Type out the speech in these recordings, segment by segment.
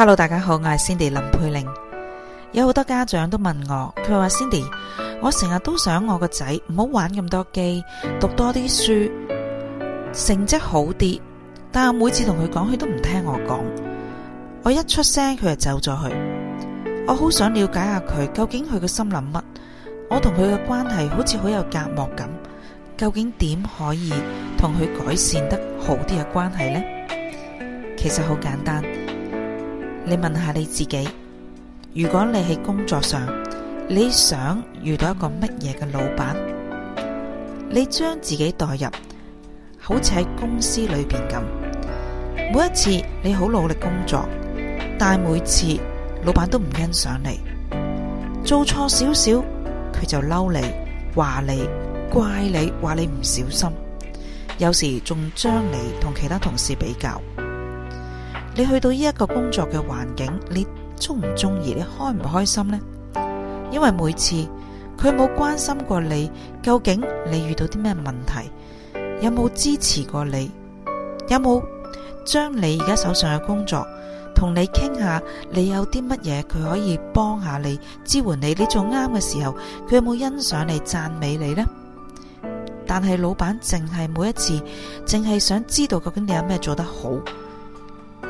Hello，大家好，我係 Cindy 林佩玲。有好多家長都問我，佢話 Cindy，我成日都想我個仔唔好玩咁多機，讀多啲書，成績好啲。但係每次同佢講，佢都唔聽我講。我一出聲，佢就走咗去。我好想了解下佢究竟佢個心諗乜。我同佢嘅關係好似好有隔膜咁。究竟點可以同佢改善得好啲嘅關係呢？其實好簡單。你問下你自己，如果你喺工作上，你想遇到一個乜嘢嘅老闆？你將自己代入，好似喺公司裏邊咁，每一次你好努力工作，但每次老闆都唔欣賞你，做錯少少佢就嬲你，話你怪你，話你唔小心，有時仲將你同其他同事比較。你去到呢一個工作嘅環境，你中唔中意？你開唔開心呢？因為每次佢冇關心過你，究竟你遇到啲咩問題，有冇支持過你？有冇將你而家手上嘅工作同你傾下？你有啲乜嘢佢可以幫下你、支援你？你做啱嘅時候，佢有冇欣賞你、讚美你呢？但係老闆淨係每一次，淨係想知道究竟你有咩做得好。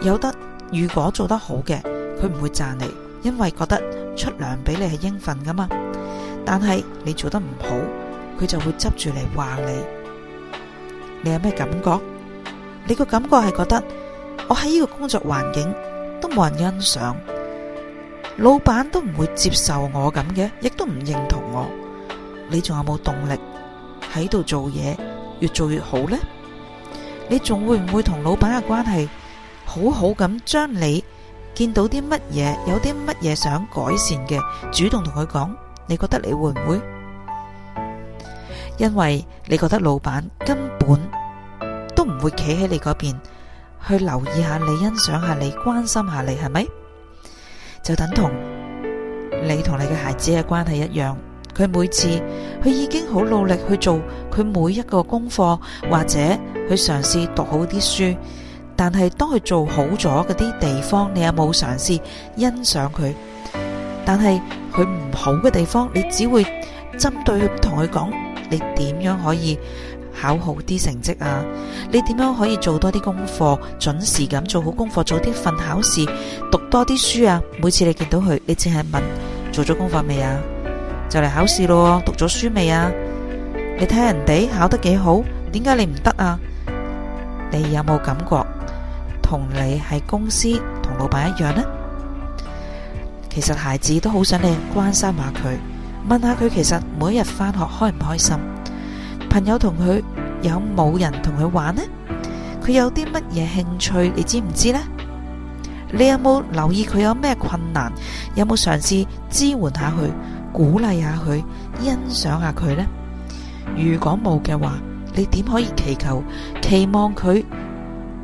有得如果做得好嘅，佢唔會讚你，因為覺得出糧俾你係應份㗎嘛。但係你做得唔好，佢就會執住嚟話你。你有咩感覺？你個感覺係覺得我喺呢個工作環境都冇人欣賞，老闆都唔會接受我咁嘅，亦都唔認同我。你仲有冇動力喺度做嘢，越做越好咧？你仲會唔會同老闆嘅關係？好好咁將你見到啲乜嘢，有啲乜嘢想改善嘅，主動同佢講。你覺得你會唔會？因為你覺得老闆根本都唔會企喺你嗰邊去留意下你、欣賞下你、關心下你，係咪？就等同你同你嘅孩子嘅關係一樣。佢每次佢已經好努力去做佢每一個功課，或者去嘗試讀好啲書。但係，當佢做好咗嗰啲地方，你有冇嘗試欣賞佢？但係佢唔好嘅地方，你只會針對佢，同佢講你點樣可以考好啲成績啊？你點樣可以做多啲功課，準時咁做好功課，早啲瞓考試，讀多啲書啊？每次你見到佢，你淨係問做咗功課未啊？就嚟考試咯，讀咗書未啊？你睇下人哋考得幾好，點解你唔得啊？你有冇感覺？同你喺公司同老闆一樣呢？其實孩子都好想你關心下佢，問下佢，其實每日翻學開唔開心？朋友同佢有冇人同佢玩呢？佢有啲乜嘢興趣？你知唔知呢？你有冇留意佢有咩困難？有冇嘗試支援下佢、鼓勵下佢、欣賞下佢呢？如果冇嘅話，你點可以祈求期望佢？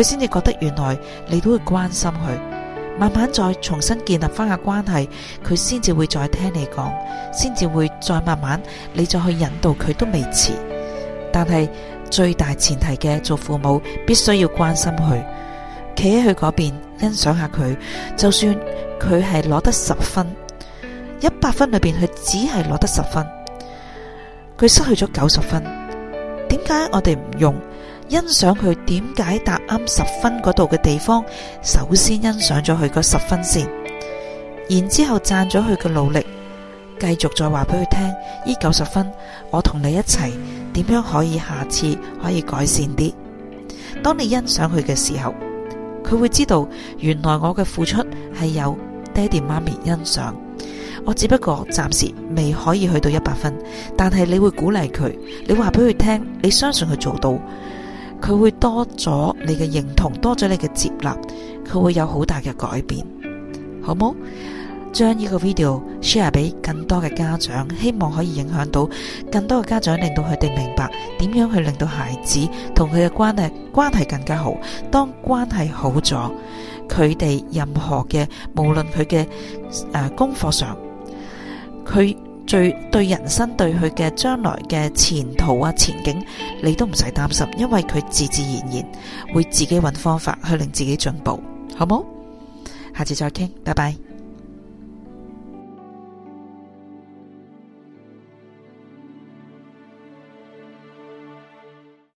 佢先至覺得原來你都會關心佢，慢慢再重新建立翻下關係，佢先至會再聽你講，先至會再慢慢，你再去引導佢都未遲。但係最大前提嘅做父母，必須要關心佢，企喺佢嗰邊欣賞下佢，就算佢係攞得十分，一百分裏邊佢只係攞得十分，佢失去咗九十分，點解我哋唔用？欣賞佢點解答啱十分嗰度嘅地方，首先欣賞咗佢個十分先，然之後讚咗佢嘅努力，繼續再話俾佢聽。呢九十分，我同你一齊，點樣可以下次可以改善啲？當你欣賞佢嘅時候，佢會知道原來我嘅付出係有爹哋媽咪欣賞。我只不過暫時未可以去到一百分，但係你會鼓勵佢，你話俾佢聽，你相信佢做到。佢會多咗你嘅認同，多咗你嘅接納，佢會有好大嘅改變，好冇？將呢個 video share 俾更多嘅家長，希望可以影響到更多嘅家長，令到佢哋明白點樣去令到孩子同佢嘅關係關係更加好。當關係好咗，佢哋任何嘅無論佢嘅、呃、功課上，佢。最對人生，對佢嘅將來嘅前途啊、前景，你都唔使擔心，因為佢自自然然會自己揾方法去令自己進步，好冇？下次再傾，拜拜。